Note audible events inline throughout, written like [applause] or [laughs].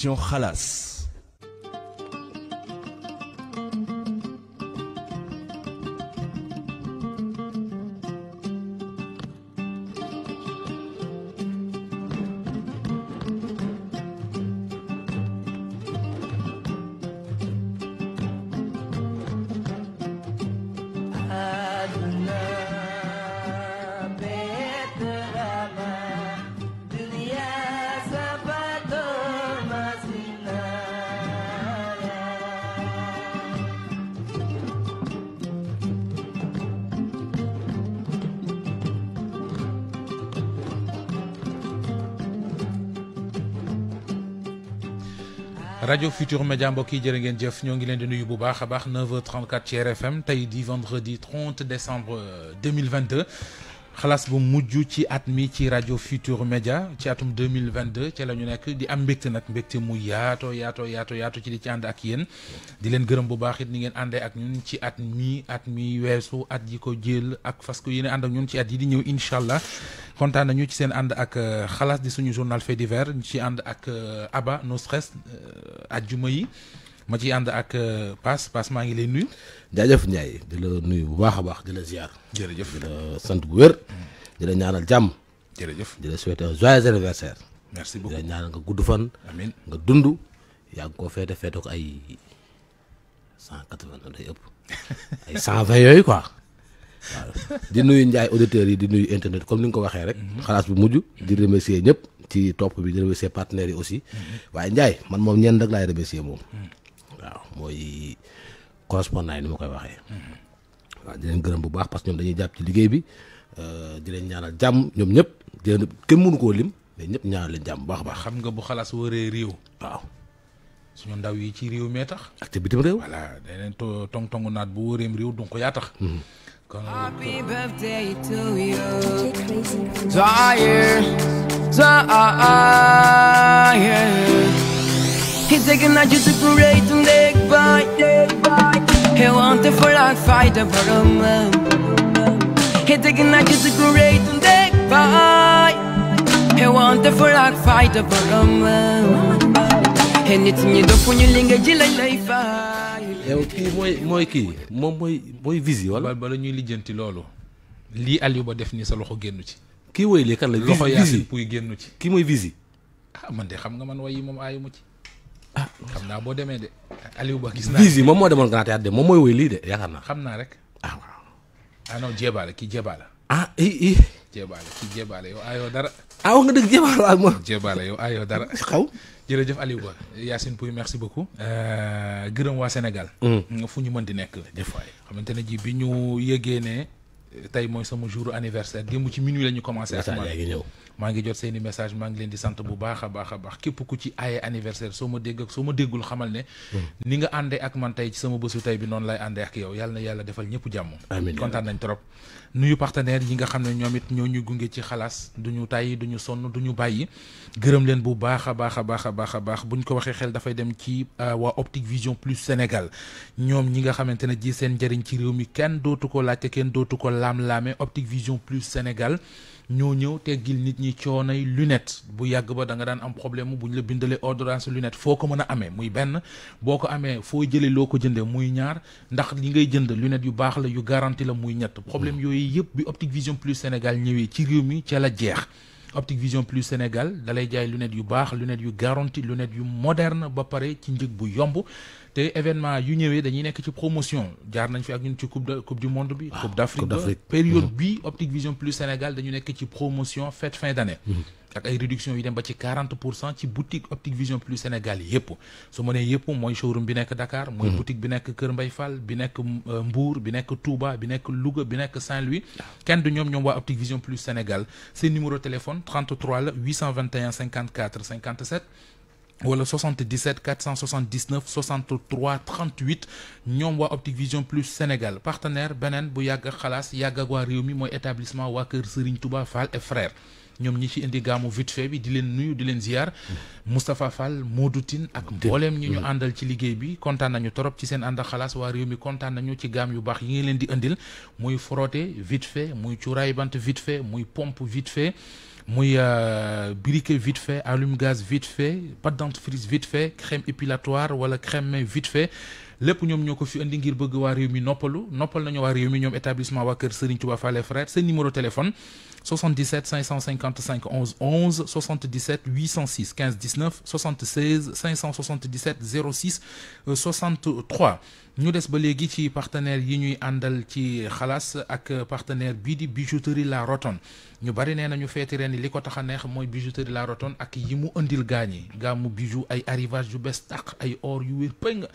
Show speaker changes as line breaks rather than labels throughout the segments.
Génération Xalass
Radio Futur Média Mboki, yi jërë ngeen jëf de leen 9h34 TRFM, vendredi 30 décembre 2022. xalaas bu mujj ci at mi ci rajo Futur Média ci atum 2022 ci la ñu nekk di am mbégte nag mbégte mu yaato yaato yaato yaato ci di ci ànd ak yéen di leen gërëm bu baax ni ngeen àndee ak ñun ci at mii at mii weesu at yi ko jël ak parce que yéene ànd ak ñun ci at yi di ñëw incha allah kontaan nañu ci seen ànd ak euh, xalaas di suñu journal fait ñu ci ànd ak euh, Aba No Stress euh, ajjuma yi ma ciy ànd ak euh, Paas Paas maa ngi lay nuyu.
jaajëf Ndiaye di la nuyu bu baax a baax di la ziar. jërëjëf di sant bu wér. di la jàmm. jërëjëf di la souhaiter un anniversaire. merci beaucoup di la nga gudd fan. nga dund. yaa koo feete feete ko ay cent quatre vingt day ëpp [laughs] ay cent vingt yooyu quoi. waaw di nuyu Ndiaye auditeurs yi di nuyu internet comme ni nga ko waxee rek. Mhm. xalaas bu mujj di remercier ñëpp ci topp bi di remercier partenaires yi aussi. Mhm. waaye Ndiaye man moom ñenn rek laay remercier moom. Mhm. waaw mooy correspondant yi ni ma koy waxee. waaw di leen gërëm bu baax parce que ñoom dañuy jàpp ci liggéey bi euh, di leen ñaanal jàmm ñoom ñëpp di leen kenn mënu koo lim mais ñëpp ñaanal leen
jàmm bu baax baax. xam nga bu xalaas wëree réew. waaw. suñu ndaw yi ci réew mee tax. ak ci bitim réew. voilà leen to tong tongu naat bu wëreem réew donc yaa tax. Hmm.
Happy birthday to you. 희대은 아주 특별했던 내 바이 해원대 플락 nit
kii mooy kii moom
mooy mooy visi wala. bala ñuy lijjanti loolu. lii Aliou ba def nii sa loxo génn ci.
kii woy lii kan la. visi loxo Yacine Pouye génn ci. kii mooy visi.
ah man de xam nga man way yi moom aayu ci. ah xam naa boo demee de Aliou Ba gis naa. moom moo demoon Grand
Théâtre de moom mooy woy lii de yaakaar
naa. xam naa rek. ah waaw. ah non jébaale kii jébaale.
ah i i.
jébaale kii jébaale yow ayoo dara. ah nga dëgg jébaale ak moom. dara. [laughs] xaw jërëjëf Aliou Ba Yacine Pouy merci beaucoup. Euh, gërëm waa Sénégal. Mm. fu ñu mën di nekk. des fois xamante ne jii bi ñu yëgee ne tey mooy sama jour anniversaire démb ci minuit la ñu commencé. ak man ñëw. mangi jot seeni message mangi len Santo di sante bu baax a baax kep ku ci anniversaire soo deg dégg ak soo déggul xamal ne hmm. ni nga àndee ak man tay ci sama bésu tay bi non lay ak yow yalla na yalla defal jamm jàmm kontaan nañ trop nuyu partenaire yi nga xam ne it ñoo ñu gungé ci xalaas duñu tàyyi duñu sonn duñu bayyi gërëm len bu baax a baax a baax buñ ko xel fay dem ci euh, wa Optique Vision Plus Sénégal ñom ñi nga xamantene ji seen njëriñ ci réew mi kenn dootu ko kenn dootu Optique Vision Plus Sénégal nous avons gil nit ñi lunette problème le ordonnance lunette ko a muy ben. di le li lunette yu la la problème Optic Vision Plus Sénégal Vous ci réew mi la optique Vision Plus Sénégal dalay jaay lunette du baax lunette du garanti lunette yu moderne ba pare un événement yu ñëwé dañuy nekk ci promotion jaar nañ fi ak ñun coupe de coupe du monde ah, coupe d'Afrique période mm-hmm. bi optique Vision Plus Sénégal dañu nekk ci promotion fête fin d'année. Mm-hmm. ak ay réduction yu dem ba ci la boutique Optique Vision Plus Sénégal yépp su mo né yépp moy showroom bi nekk Dakar. moy mm-hmm. boutique bi nekk Kër Mbay Fall bi nekk euh, Mbour bi nekk Touba bi nekk Louga bi nekk Saint-Louis. kenn du ñom ñom wa optique Vision Plus Sénégal c'est numéro téléphone 33 821 54 57 le 77 479 63 38 ñom wa Optic Vision Plus Sénégal partenaire Benen, bu Khalas, xalaas yàgg mon établissement wa kër Serigne Touba Fall et frère ñom ñi ci indi gamu vite fait bi di len nuyu di len ziar Moustapha Fall Modutin ak mbooleem ñi ñu andal ci liguey bi contane nañu torop ci seen ànd ak xalaas waa réew mi nañu ci gam yu bax yi ngeen len di andil muy frotté vite fait muy cuuraay vite fait muy pompe vite fait muy euh, briquet vite fait allume gaz vite fait pâte dentifrice vite fait crème épilatoire wala crème main vite fait lépp ñoom ñoo ko fi indi ngir bëgg waa réew mi noppalu noppal nañu waa réew mi ñoom établissement waa kër Serigne Touba Fallé Frère seen numéro téléphone 77 555 11 11 77 806 15 19 76 577 06 63 nous des ba léegi ci partenaire yi ñuy qui ci avec ak partenaire Bidi bijouterie La Roton ñu bari nee nañu faire ren li ko tax a bijouterie La Roton ak yimu andil gagne gaañi bijou ay arrivage yu bestac ay or yu will pëng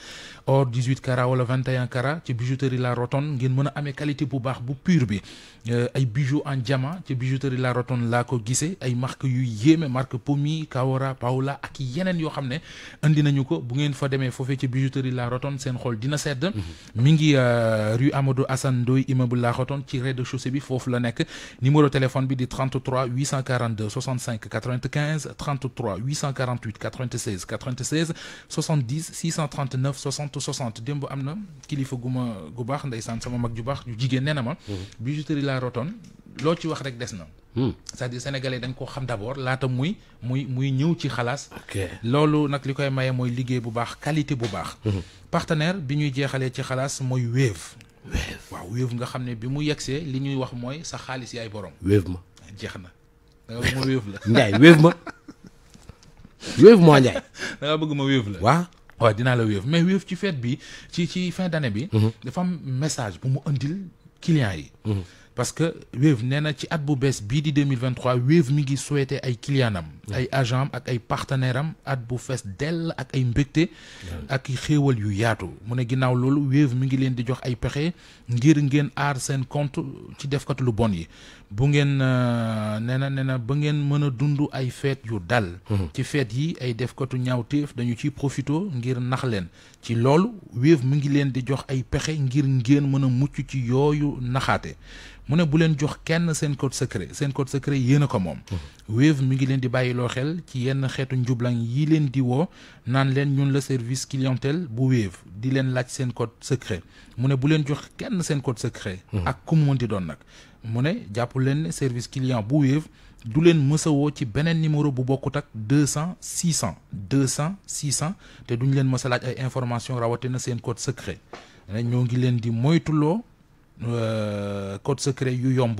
or 18 carats wala 21 carats ci bijouterie La Roton ngeen mën a qualité bu baax bu pur bi euh, ay bijoux en diamant bijouterie La Rotonde l'a ko gisee ay marque yu yéme marque Pomi Kawora Paola ak yenen yo xamné ne nañu ko bu ngeen fa démé fofé ci bijouterie La Rotonde seen xol dina sedd mhm. mi ngi euh, rue Amadou Assane doy immeuble La Rotonde ci rez-de-chaussée bi foofu la numéro téléphone bi di 33 842 65 95 33 848 96 96 70 639 60 60 dembo amna kilifa guma gu bax ndaysan sama mag ju bax ju jigéen nee na mhm. bijouterie La Rotonde lo ci wax rek dess na. Hmm. c'est-à-dire sénégalais dañ xam d'abord là muy muy muy ñëw ci xalas lolu nak likoy maye moy liggéey bu baax qualité bu baax. Hmm. partenaire bi ñuy jéxalé ci xalas moy Wave. Wave wa Wave nga xamné bi mu yegsee li ñuy wax moy sa xaalis yaay borom. Wave ma jéxna da nga mo ma Wave la. Wave ma Wave mo nga bëgg ma Wave la wa wa dina la Wave mais Wave ci fête bi ci ci fin d'année bi. Hmm. dafa message bu mu andil client yi. parce que nee na ci at bu bees bii di 2023 Wave mi ngi souhaité ay clients ay agent ak ay partenaire at bu fess del ak ay mbégte ak xéewal yu yaatu mu ne ginnaaw loolu Wave mi ngi di jox ay pexe ngir ngeen ar sen compte ci def lu bon yi bu ngeen euh, nee na na ba ngeen mën dundu ay feet yu dal mm-hmm. ci feet yi ay defkatu ñaawteef dañu ci profito ngir nax leen ci loolu Wave mi ngi leen di jox ay pexe ngir ngeen mën muccu ci yooyu naxate mu ne bu len jox kenn sen code secret sen code secret yéen ko mom mm-hmm. Wave mi ngi di bàyyi loxel ci yenn xeetu njublang yi leen di woo naan leen ñun le service clientèle bu wéef di code secret mu ne bu leen jox kenn seen code secret. Hmm. ak ku mu di doon service client bu wéef du leen mësa ci numéro bu bokkut 200 600 200 600 Té duñ leen mësa ay information rawate na code secret ñoo ngi leen di moytuloo euh, code secret yu yomb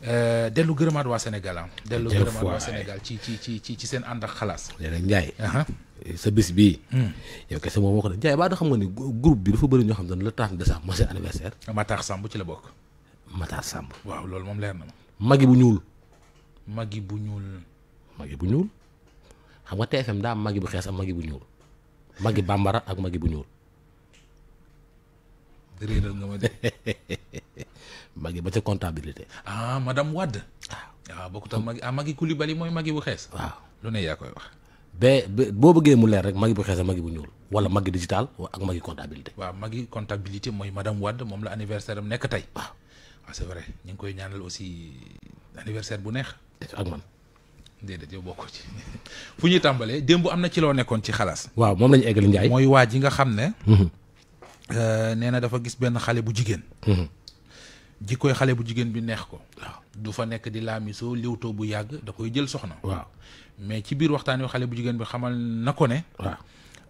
Euh, dellu gërëmaat waa Sénégal ah. dellu gërëmaat waa Sénégal ci ci ci ci ci seen ànd ak xalaas.
nee na Ndiaye. sa bis bii. Hmm. yow kese moom moo ko def Ndiaye ba da xam nga ni groupe bi dafa bëri ñoo xam ne le 30 décembre mooy seen anniversaire. Matar Samb ci la bokk. Matar Samb. waaw loolu moom leer na ma. Maggi bu ñuul. Maggi bu ñuul. Maggi bu ñuul xam nga TFM daa am bu xees am Maggi bu ñuul Maggi bambara ak Maggi bu ñuul. réeral nga ma de. [laughs] magi ba ca comptabilité.
ah madame bokk waaw ah, bokkut ak magi ah magi Coulibaly mooy magi bu xees. waaw lu ne yaa koy wax.
ba boo bëggee mu leer rek magi bu xees ak magi bu ñuul wala magi digital ak magi comptabilité.
waaw magi comptabilité mooy madame Wade moom la anniversaire am nekk tey. waaw ah, c'est vrai ñu ngi koy ñaanal aussi anniversaire bu neex. ak man. déedéet yow bokk ci [laughs] fu ñuy tàmbalee démb am na ci loo nekkoon ci xalaas. waaw moom la ñu eggali Ndiaye. mooy waa ji nga xam ne. Mhm. Euh, nee na dafa gis benn xale bu jigéen. Mhm. jikkoy xale bu jigéen bi neex ko. waaw du fa nekk di laamisoo liwtoo bu yàgg da koy jël soxna. waaw mais ci biir waxtaan wi xale bu jigéen bi xamal na ko ne.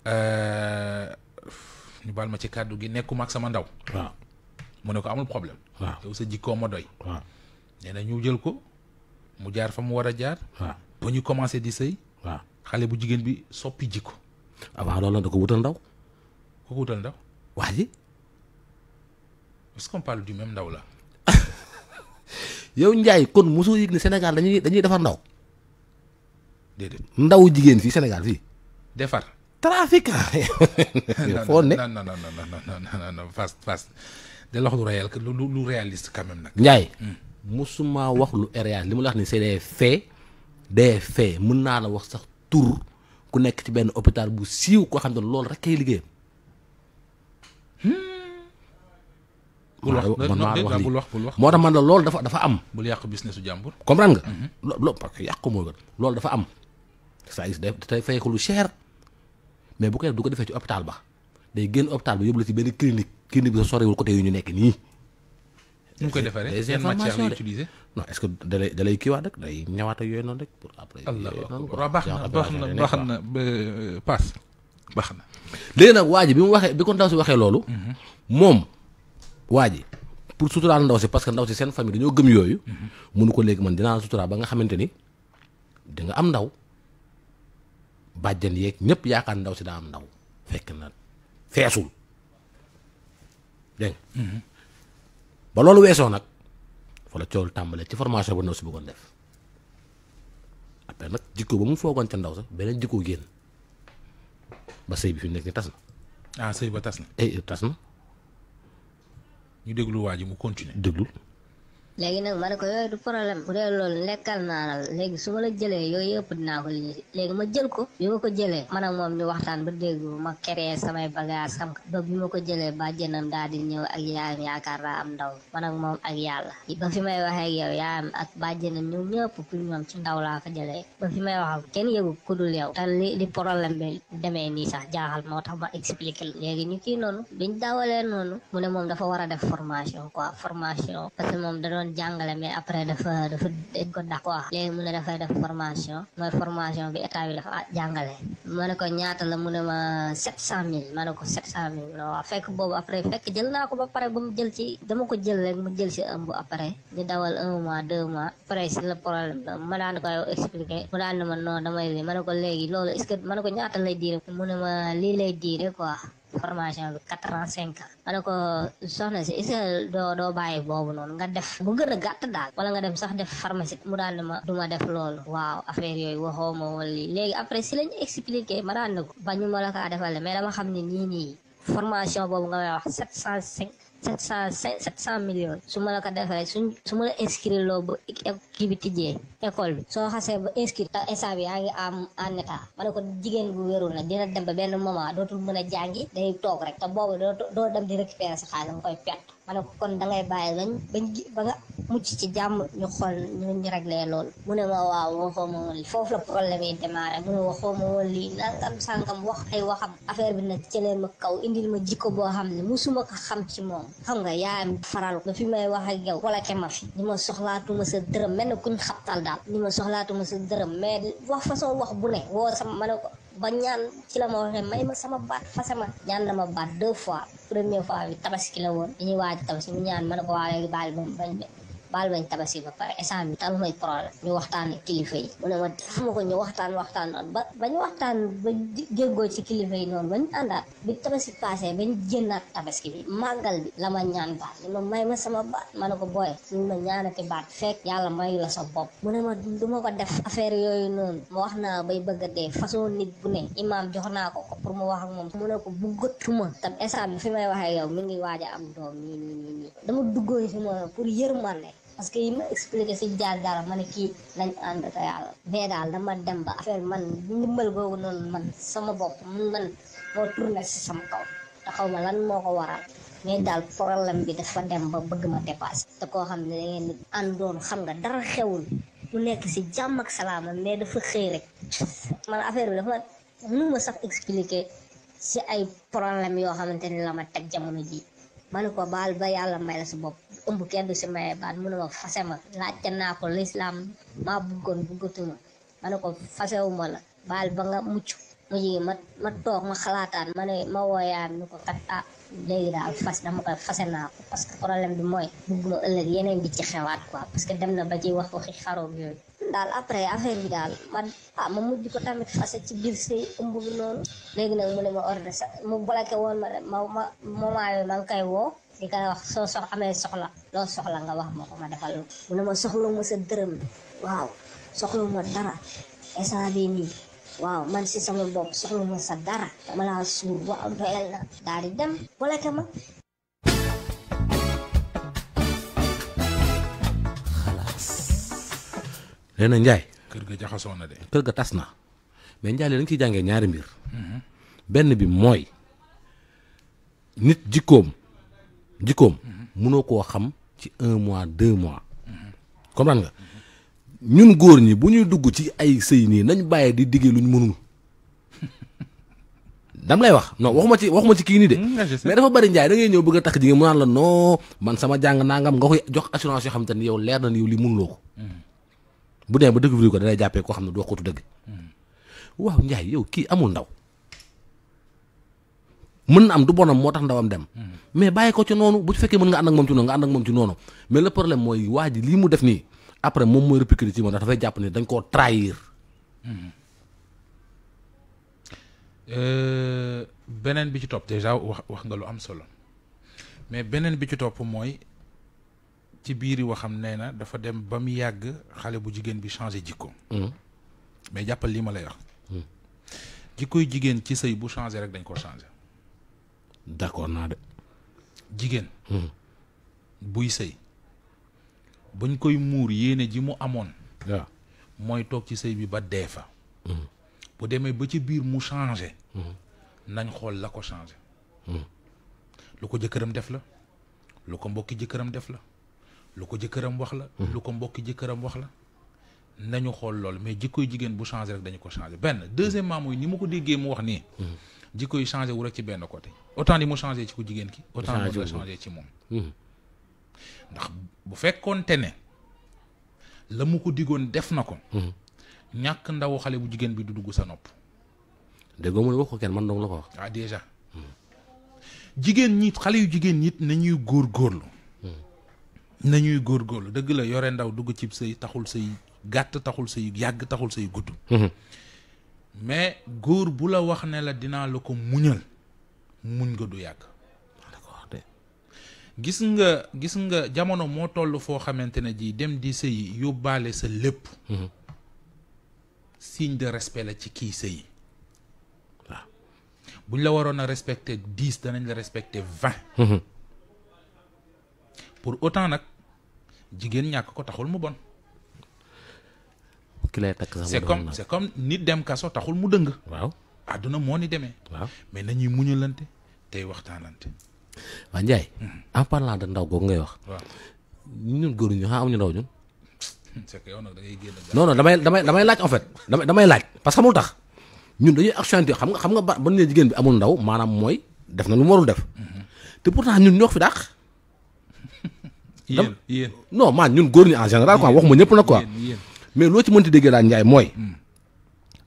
Euh, ñu baal ma ci kàddu gi nekkuma sama ndaw. mu ne ko amul problème. waaw sa jikkoo ma doy. waaw nee ñu jël ko mu jaar fa mu war a jaar. waaw ba ñu commencé di sëy. waaw xale bu jigéen bi soppi jikko. ah waaw
loolu da ko wutal ndaw. ko wutal ndaw. waaye.
est-ce qu'on parle du même Daoula [laughs]
yow Ndiaye kon musu yëg ni Sénégal dañuy dañuy defar ndaw. déedéet ndaw jigen fi Sénégal fi. defar. trafic. [laughs]
Non non non non non non non non fast fast. de lox lu réel lu lu réaliste quand
même nak. Ndiaye. Musuma hmm. wax lu réel limu wax ni c'est des faits des faits mën na la wax sax tour ku nekk ci ben hôpital bu siiw ko xamne lool rek kay liggéeyam bul wax bul wax bul wax moo tax man la lol dafa dafa am
bul yàq business su jàmbur
comprendre nga loolu parce que yàq moo gën dafa am saa gis day day fay ko lu cher mais bu ko def du ko defee ci hôpital ba day génn hôpital ba yóbbu la ci benn clinique clinique bi sa sorewul côté yu ñu nekk nii
ñu koy defaree seen matière lay nah, utiliser
non est ce que da lay da lay rek day ñëwaat ak yooyu rek pour
après allah waaw baax na
baax na baxna na waji nag waa bi bi ko ndaw si waxee loolu. Mhm. moom waa pour suturaal ndaw si parce que ndaw si seen famille dañu gëm yoyu munu mhm. ko léegi man dina sutura ba nga xamanteni de nga am ndaw bàjjan yek ñep yaakaar ndaw si da am ndaw fekk na fessul deng mhm. ba lolou wesso nak fa la ciol tàmbalee ci formation bu ndaw si bëggoon def après nak jikko ba mu fogon ci ndaw sax jikko génn. ba sëy bi fi mu nekk nii tas na.
ah sëy ba tas na. eh tas na. Ah. ñu déglu waa ji mu continuer
déglu.
léegi nag ma ne ko yooyu du problème bu dee loolu lekkal su ma la jëlee yooyu yëpp dinaa ko léegi ma jël ko bi ma ko jëlee man ak moom waxtaan ba dégg ma créé samay bagage xam nga ko jëlee ba jënam daal di ñëw ak yaayam yaakaar daa am ndaw man moom ak yàlla ba fi may waxee ak ak bàjjenam ñëw ñëpp pour ci ndaw laa ko jëlee ba fi kenn yëgu ku dul yow te li li problème bi demee nii sax jaaxal moo tax ma expliqué la léegi ñu kii noonu biñ dawalee noonu mu ne moom dafa war a def formation quoi formation moom da doon jàngale après dafa dafa dañ ko dàq wax léegi mu ne dafay def formation mooy formation bi état bi dafa ah, jàngale ma ne ko ñaata la mu ne ma sept a mille ma ne ko sept a mille no waaw fekk boobu après fekk jël naa ko ba pare ba mu jël ci mu jël si ëmb après ñu dawal un mois deux la problème la ma daan mu ne ma non damay lii ma ne ko ko ñaata lay diire mu ne ma lii lay diire quoi formation bi quatre ans cinq ans ma ne ko soxna si est doo doo bàyyi boobu noonu nga def bu gën a daal wala nga dem sax def pharmacie mu daal ne ma du ma def loolu waaw affaire yooyu waxoo ma wala léegi après si lañ expliqué ma daan ne ko bañu ma la kaa defal mais dama xam ne nii formation boobu nga may wax sept cent cinq sept cent sept cent millions su ma la ko defee suñ su ma la inscrire loo ba kii bi tijjee école bi soo xasee ba inscrire te instant yaa ngi am en état ma ne ko jigéen bu wérul nag dina dem ba benn moment dootul mën a jàngi day toog rek te boobu doo doo dem di récupérer sa xaalis nga koy perte ma ne ko kon da ngay bàyyi lañ bañ ba nga mucc ci jàmm ñu xool ñu ñu réglé mu ne ma waaw waxoo ma woon lii foofu la problème yi démarré mu ne waxoo ma woon lii nangam sàngam wax ay waxam affaire bi nag jëlee ma kaw indil ma jikko boo xam ne musuma ko xam ci moom xam nga yaayam faral ba fi may wax ak gaw wala ke ma fi ni ma soxlaatuma sa dërëm mel na kuñ xabtal daal ni ma soxlaatuma sa dërëm mais wax façon wax bu ne woo sama ma ko ba ñaan ci la ma waxee may ma sama baat fase ma ñaan na ma baat deux fois première fois bi ñi la woon dañuy waaj tabaski mu ñaan ma ne ko waaw léegi baal ba bañ baal bañ tabaski ba pare instant bi am problème ñu waxtaan kilifa yi mu ne ma fu ma ko ñu waxtaan waxtaan ba ba ñu waxtaan ba jéggoo ci kilifa yi noonu ba ñu àndaat bi tabaski passé ba ñu jënnaat tabaski la ma may ma sama ma ne ko booye ñu ma ñaanati baat fekk yàlla mayu sa bopp mu ne ma du ma ko def affaire yooyu noonu ma wax naa bay bëgg a dee façon nit bu ne imaam jox naa ko pour mu wax ak moom mu ne ko bu gëttuma tam instant bi fi may waxee yow mi ngi waaj am doom nii nii nii dama duggoon si moom pour yërmande parce que yi ma expliqué si jaar jaaram ma ne kii nañ ànd te dama dem ba affaire man ndimbal googu noonu man sama bopp man moo tourné si sama kaw te lan moo ko waral mais daal problème bi dafa dem ba bëgg ma dépassé te koo xam ne da ngeen àndoon xam nga dara xewul mu nekk si jàmm ak salaama mais dafa xëy rek man affaire bi dafa mënu ma sax expliqué si ay problème yoo xamante ni la jamono ji ma ne baal ba yàlla may la sa bopp ëmb kenn du si maye baat mu ne ma fase ma laajte naa ko lislaam maa buggoon buggatuma ma ne ko fasewuma la baal ba nga mucc mujj gi ma ma toog ma xalaataan ma ne ma wooyaan ko kat ah léegi daal fas dama koy fase naa ko parce que problème bi mooy bugguma ëllëg yeneen di ci xewaat quoi parce que dem na ba ci wax waxi xaroog yooyu daal après affaire bi daal ah, ma mujj ko tamit fase ci biir sëy ëmb noonu léegi nag mu ne ma ordre sa mu bloqué woon ma ma ma li koy wax soo soxla loo soxla nga wax ma ko ma defal mu ne ma soxla sa dërëm waaw dara instant bii waaw man si sama bopp soxla ma sa dara dama laa suur waaw doyal na daal dem wala ka ma
xalaas nee na Njaay
kër ga jaxasoo na de
kër ga tas na mais Njaay dañ ciy jàngee ñaari mbir mhm. benn bi mooy nit jikkoom jikkoom munoo koo xam ci un mois deux mois comprendre nga ñun góor ñi bu ñuy dugg ci ay sëy nii nañ bàyyee di diggee ñu mënula dam lay wax non waxuma ci waxuma ci kii nii de mm, mais dafa bari njaay da ngay ñëw bëgg a takk jigéen mu naan la non man sama jàng nangam nga koy jox assurance yoo xam te ni yow leer na ni yow li mënuloo ko mm. bu dee ba découvrir ko danay jàppee koo xam ne du wax ko tu dëgg mm. waaw njaay yow kii amul ndaw mën na am du bonam moo tax ndawam dem hmm. mais bàyyi ko ci noonu bu fekkee mën nga ànd ak moom ci noonu nga ànd ak moom ci noonu mais le problème mooy waa lii mu def nii après moom mooy répercuté ci moom ndax dafay jàpp ni dañ koo trahir
hmm. euh, beneen bi ci topp déjà wax nga lu am solo mais beneen bi ci topp mooy ci biir waxam nee na dafa dem ba mu yàgg xale bu jigéen bi changé jikko hmm. mais jàppal lii ma lay wax jikkoy jigéen ci sëy bu changé rek dañ koo changé d'accord naa de. jigéen. Hmm. buy sëy buñ koy muur yéene ji mu amoon. mooy toog ci sëy bi ba dee fa. Hmm. bu demee ba ci biir mu changé. Hmm. nañ xool la ko changé.
lu
ko jëkkëram def la. lu ko mbokki jëkkëram def la. lu ko jëkkëram wax la. lu ko mbokki jëkkëram wax la. nañu xool loolu mais jikkoy jigéen bu changé rek dañu ko changé benn deuxièmement mooy ni ma ko déggee mu wax nii hmm. jikko yi changé wu rek ci benn côté autant ni mu changé ci ku jigéen ki autant ni mu changé ci moom hmm. bu fekkoonte ne la mu ko diggoon def na ko hmm. ñàkk ndaw xale bu jigéen bi du dugg sa nopp
déggoo mu ne wax ko kenn man dong la ko wax
ah déjà jigéen ñi xale yu jigéen ñi nañuy góor góorlu nañuy góor góorlu dëgg la yore ndaw dugg ci say taxul say gàtt taxul say yàgg taxul say gudd mhm. mais góor bu la wax ne la dinaa la ko muñal muñ nga du yàgg gis nga gis nga jamono moo toll foo xamante ne ji dem di sëy yóbbaale sa lépp mhm. signe de respect la ci kii sëy waaw buñ la waroon a respecter dix danañ la respecter vingt mhm. pour autant nag jigéen ñàkk ko taxul mu bon
ki lay takk sax. c'est comme c'est
comme nit dem kaso taxul mu dëng. waaw àdduna moo ni demee. waaw mais nañuy muñalante tey waxtaanante.
waa Ndiaye. Mhm. en parlant de ndaw googu ngay wax. waaw ñun góor ñu xaa amuñu ndaw ñun.
c'est que yow nag da ngay génn. non
non damay damay laaj en fait damay laaj parce que xamul tax ñun dañuy accentuer xam nga xam nga ba ba ne jigéen bi amul ndaw maanaam mooy def na lu mu warul def. Mhm. te pourtant ñun ñoo fi dàq. [laughs] yéen yéen non maa ñun góor ñi en général wax waxuma ñëpp nag quoi. mais loo ci mënti déggee laa Ndiaye mooy hmm.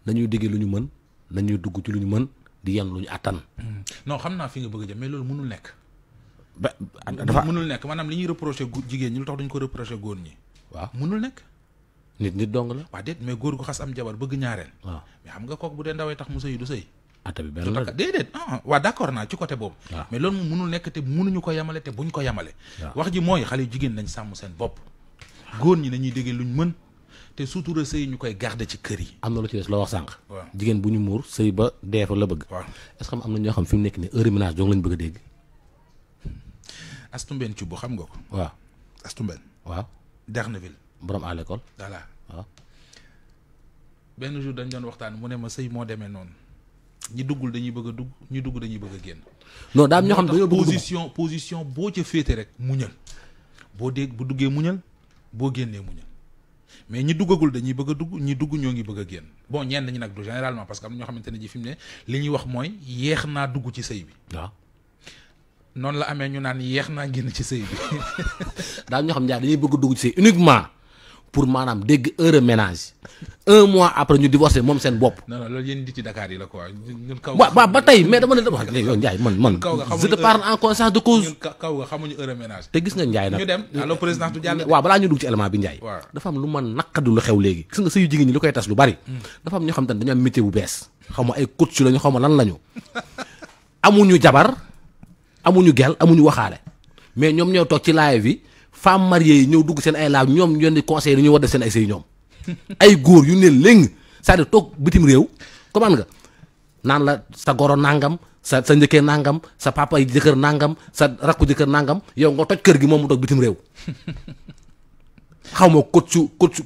nañuy déggee lu ñu mën nañuy dugg ci lu ñu mën di yan lu ñu attan. Hmm.
non xam naa fi nga bëgg a jëm loolu mënul nekk.
ba dafa
mënul nekk maanaam li ñuy reproché jigéen ñi lu tax duñ ko reproché góor ñi. waaw mënul nekk. nit nit dong la. waaw déet mais góor gu xas am jabar bëgg ñaareel. waaw mais xam nga kooku bu dee ndawee tax mu sëy du ah, naa ci côté boobu. mais loolu moom nekk te mënuñu ko yamale te buñ ko yamale. wax ji mooy xale yu jigéen sàmm seen bopp. góor ñi nañuy déggee luñ mën te sutura sëy ñu koy garder ci kër yi. am na lu ci
des loo wax sànq. jigéen bu ñu muur sëy ba dee la bëgg. est-ce que am na ñoo xam fi mu nekk nii heure ménage dong lañ bëgg a dégg.
Astumben xam nga ko.
waaw Astumben. waaw Derneville. borom à voilà
benn jour dañ doon waxtaan mu ne ma sëy moo demee noonu. ñi duggul dañuy bëgg dugg ñi dugg dañuy bëgg a génn.
non daam ñoo xam dañoo bëgg position
position boo ca féete rek muñal. boo dégg bu duggee muñal boo génnee muñal. mais ñi duggagul dañuy bëgg a dugg ñi dugg ñoo ngi bëgg a génn bon ñenn ñi nag du généralement parce que am na ñoo xamante ne ji fi ne li ñuy wax mooy yeex naa dugg ci sëy bi waaw noonu la amee ñu naan yeex naa génn ci sëy bi [laughs]
daal ñoo xam ne dañuy bëgg dugg ci sëy uniquement pour maanaam dégg heure ménage un mois après ñu divorcé moom seen bopp.
non ba tey mais
dama ne wax léegi yow Ndiaye man man. ñu dem allo président du jàll. waaw dugg ci élément bi Ndiaye. dafa am lu ma naqadi lu xew léegi. gis nga sëyu jigéen ñi lu koy tas lu bari. Hmm. dafa am ñoo xam te ne am métier bu bees. xaw ma ay coach lañu xaw ma lan lañu. amuñu jabar amuñu gel amuñu waxaale mais ñoom ñoo toog ci live bi femmes marie yi ñëw dugg seen ay laaw ñoom ñoom di conseil ñu war def seen ay sëy ñoom ay góor yu ne léng cest à toog bitim réew comment nga naan la sa goro nangam sa sa njëkkee nangam sa papa yi jëkkër nangam sa rakku jëkkër nangam yow nga toj kër gi moom mu toog bitim réew [laughs] xaw ma kot su kot su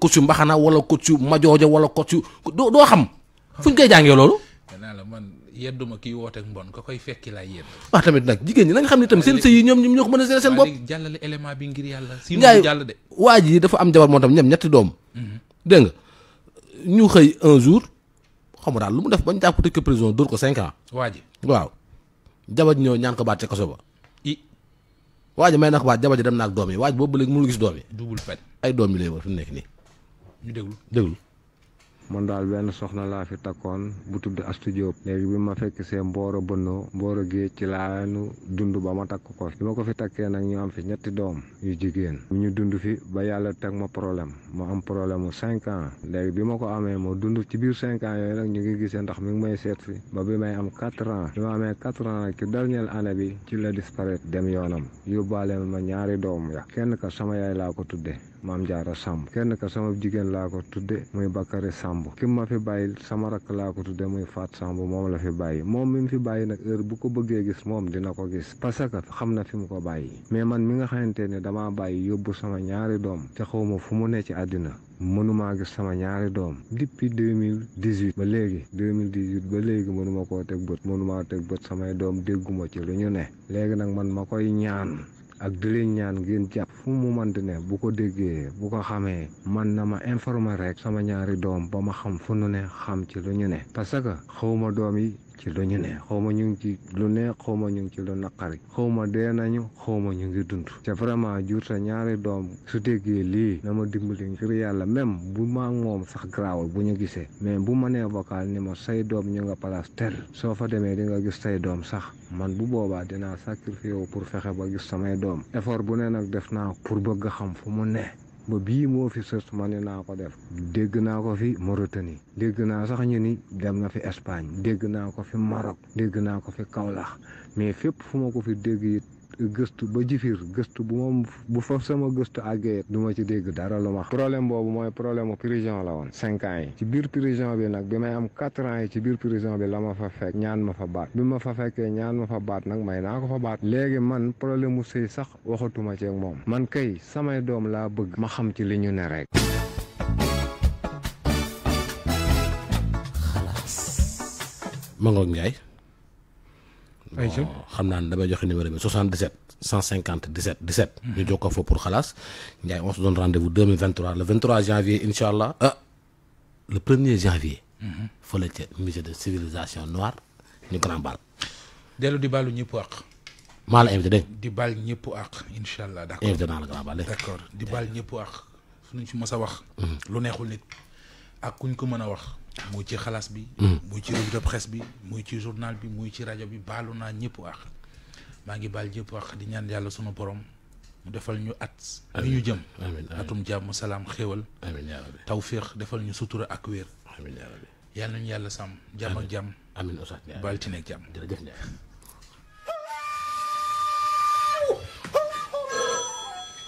kot su mbaxana wala kot su majoojo wala kot su doo doo xam fuñ koy jàngee loolu.
yedduma kiy woote ak mbon ka koy fekki laay yedd
ah tamit nag jigéen ñi na nga xam ne tamit seen sëy yi ñoom ñoo ko mën a seere seen bopp
jàllale élément bi ngir yàlla si jàll de
waa ji dafa am jabar moom tam ñam ñetti doom mhm. dégg ñu xëy un jour xam daal lu mu def bañ jàpp ko tëj ko prison dóor ko cinq waaw jabar ñëw ñaan ko baat ca kaso ba i may na ko baat jabar ji dem na ak doom yi waa ji boobu léegi mënul gis doom yi ay doom yi lay war fi mu nekk nii
man daal benn soxna laa fi takkoon bu tudd Astu Jóob léegi bi ma fekk see mbooro bënnoo mbooro géej ci laa nu dund ba ma takk ko bi ma ko fi takkee nag ñu am fi ñetti doom yu jigéen ñu dund fi ba yàlla teg ma problème ma am problème mu cinq léegi bi ma ko amee ma dund ci biir cinq yooyu nag ñu ngi gisee ndax mi ngi may seet ba bi may am quatre ans bi ma amee quatre ans nag ci dernière bi ci la disparaître dem yoonam yóbbaale ma ñaari doom ya kenn ka sama yaay laa ko tuddee maam jaara sàmb kenn ka sama jigéen laa ko tudde muy Bakary Samb ki ma fi bàyyi sama rakk laa ko tudde muy Faat Samb moom la fi bàyyi moom mi mu fi bàyyi nag heure bu ko bëggee gis moom dina ko gis parce que xam na fi mu ko bàyyi mais man mi nga xamante ne damaa bàyyi yóbbu sama ñaari doom ci xaw ma fu mu ne ci àddina mënuma gis sama ñaari doom depuis deux mille dix huit ba léegi deux mille dix ba léegi mënuma koo teg bët mënuma teg bët samay doom dégguma ci lu ñu ne léegi nag man ma koy ñaan ak di leen ñaan ngeen jàpp fu mu mënti ne bu ko déggee bu ko xamee man na ma informer rek sama ñaari doom ba ma xam fu nu ne xam ci lu ñu ne parce que xawma doom yi ci lu ñu ne xaw ma ñu ngi ci lu ne xaw ma ñu ngi ci lu naqari xaw ma dee nañu xaw ma ñu ngi dund te vraiment jur sa ñaari doom su déggee lii na ma dimbali ngir yàlla même bu ma moom sax garaawul bu ñu gisee mais bu ma nee vocal ni ma say doom ñu nga place tel soo fa demee di nga gis say doom sax man bu boobaa dinaa sacrifié wu pour fexe ba gis samay doom effort bu ne nag def naa pour bëgg xam fu mu ne ba bii moo fi sos ma ne naa ko def dégg naa ko fi Mauritanie dégg naa sax ñu ni dem na fi Espagne dégg naa ko fi Maroc dégg naa ko fi Kaolack mais fépp fu ma ko fi dégg it gëstu ba jifir gëstu bu moom bu fa sama gëstu àggee duma ci dégg dara lu ma problème boobu mooy problème mu la woon cinq ans yi ci biir prison bi nag bi may am quatre ans yi ci biir prison bi la ma fa fekk ñaan ma fa baat bi ma fa fekkee ñaan ma fa baat nag may naa ko fa baat léegi man problème mu sëy sax waxatuma ci moom man kay samay doom laa bëgg ma xam ci li ñu ne rek. Xalaas. Mangok
xam naa damay joxe numéro bi 77 150 17 17. ñu jokkoo foofu pour xalaas Ndiaye on se donne rendez-vous 2023 le 23 janvier incha allah ah le premier janvier. Hmm. fële ca musée de civilisation noire ñu grand bal. dellu di
baalu ñëpp àq. maa la invité dégg di bal ñëpp àq incha allah. d' accord invité naa la grand bal d'accord di baal ñëpp fu ñu ci mës a wax. Hmm. lu neexul nit ak kuñ ko mën a wax. muy ci xalaas bi. Mm. muy ci revue de presse bi muy ci journal bi muy ci rajo bi baalu naa ñëpp wax maa ngi baal ñëpp wax di ñaan yàlla sunu borom mu defal ñu at. mi ñu jëm. atum jàmm salaam xéewal. amiin yaa rabbi tawféex defal ñu sutura ak wér. amiin yaa rabbi yal nañu yàlla sàmm. jàmm ak jàmm. amiin baal ci nekk jàmm jërëjëf